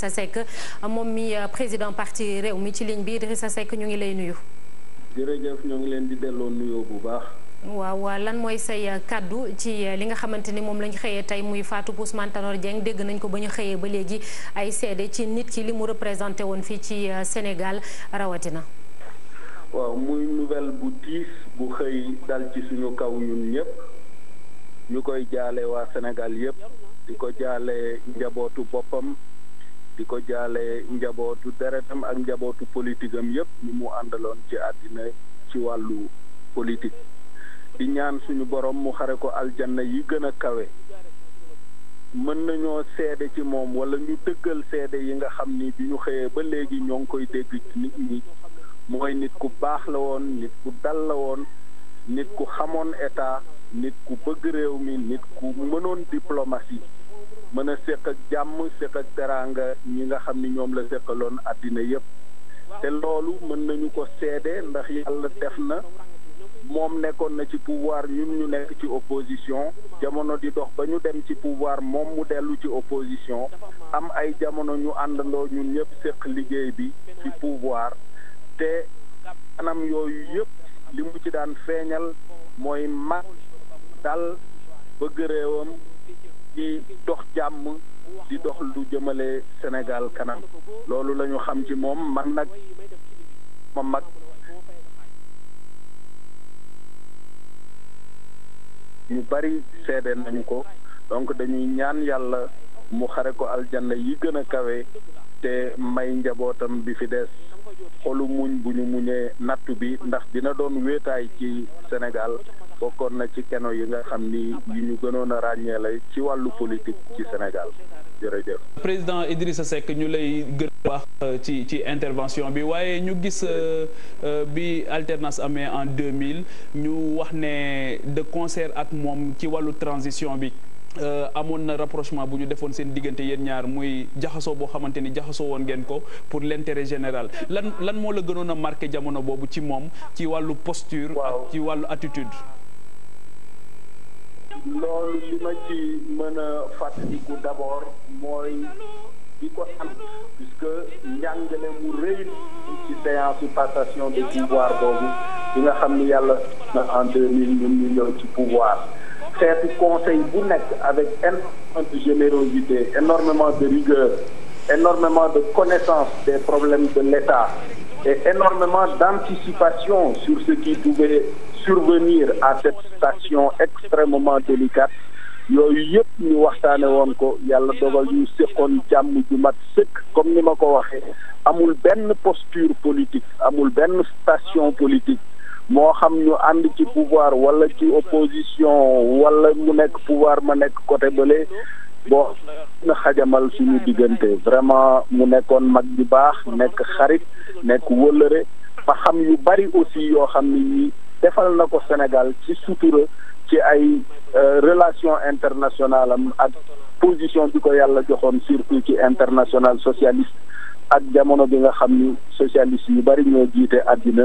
Idrissa Seck moom mi euh, président parti réew mi ci ligne bi Idrissa Seck ñu ngi lay nuyu. jërëjëf ñu ngi leen di delloo nuyoo bu baax. waaw lan mooy say euh, kàddu ci euh, li nga xamante ni moom lañ xëyee tey muy faatu Ousmane Tanor Dieng dégg nañ ko ba ñu xëyee ba léegi ay seede ci nit ki li mu représenté woon fii ci senegal rawatina. waaw muy nouvelle bu tiis bu xëy dal ci suñu kaw ñun ñëpp ñu koy jaale waa Sénégal yëpp di ko jaale njabootu boppam. di ko jaale njabootu deretam ak njabootu politique am yëpp ñi mu àndaloon ci àddina ci wàllu politique di ñaan suñu borom mu xare ko aljanna yi gën a kawe mën nañoo seede ci moom wala ñu dëggal seede yi nga xam ni bi ñu xëyee ba léegi ñoo ngi koy dégg ci nit ñi mooy nit ku baax la woon nit ku dal la woon nit ku xamoon état nit ku bëgg réew mi nit ku mënoon diplomatie mën a séq ak jàmm séq ak teraanga ñi nga xam ni ñoom la séqaloon àddina yépp te loolu mën nañu ko seede ndax yàlla def na moom nekkoon na ci pouvoir ñun ñu nekk ci opposition jamono di dox ba ñu dem ci pouvoir moom mu dellu ci opposition am ay jamono ñu àndandoo ñun ñëpp séq liggéey bi ci pouvoir te anam yooyu yëpp li mu ci daan feeñal mooy mag dal bëgg réewam di dox jàmm di dox lu jëmale Sénégal kanam loolu lañu xam ci moom man nag ma mag ñu bari seede nañu ko donc dañuy ñaan yàlla mu xare ko aljanna yi gën a kawe te may njabootam bi fi des xolu muñ bu ñu muñee nattu bi ndax dina doon wéetaay ci Sénégal bokkoon na ci keno yi nga xam ni yu ñu gënoon a ràññee lay ci wàllu politique ci Sénégal jërëjëf. président Idrissa Seck ñu lay gën wax euh, ci ci intervention bi waaye ñu gis euh, euh, bi alternance amee en 2000 ñu wax ne de concert ak moom ci wàllu transition bi. amoon na rapprochement bu ñu defoon seen diggante yéen ñaar muy jaxasoo boo xamante ni jaxasoo woon ngeen ko pour l'intérêt général lan lan moo la gënoon a marqué jamono boobu ci moom ci wàllu posture. ak ci wàllu attitude. Je li ma ci mën d'abord moi d' suis mooy puisque njàngale mu rëy ci séance passation de pouvoir dans bi nga xamni yalla na en 2000 ñu ñëw ci pouvoir xeetu conseil bu nek avec énormément de générosité énormément de rigueur énormément de connaissance des problèmes de l'État et énormément d'anticipation sur ce qui pouvait survenir à cette station extrêmement délicate yooyu yëpp ñu waxtaane woon ko yalla dogal ñu séqoon jamm ju mat sëkk comme ni ma ko waxee amul benn posture politique amul benn station politique mo xam ñu and ci pouvoir wala ci opposition wala mu nek pouvoir ma nek côté beulé bon xajamal suñu diggante vraiment mu nekkoon mag bi baax nekk xarit nekk wëllëre ba xam yu bari aussi yoo xam ni ñi defal na ko Sénégal ci sutura ci ay euh, relation internationale am ak position bi ko yàlla joxoon surtout ci international socialiste ak jamono bi nga xam ni socialiste yu bari ñoo jiite àddina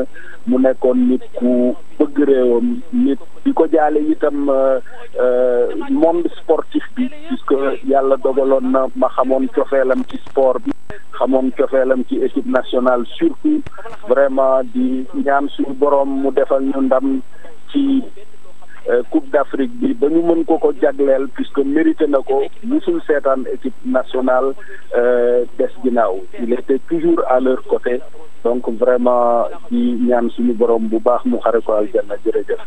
mu nekkoon nit ku bëgg réewam nit di ko jaalee itam euh, monde sportif bi puisque yàlla dogaloon na ma xamoon cofeelam ci sport bi xamoon cofeelam ci équipe nationale surtout vraiment di ñaan suñu boroom mu defal ñu ndam ci Euh, Coupe d'Afrique bi ba ñu mën ko ko puisque mérité nako, nous musul seetaan équipe nationale euh, ginnaaw il était toujours à leur côté donc vraiment il y suñu borom bu baax mu xare ko aljanna jërëjëf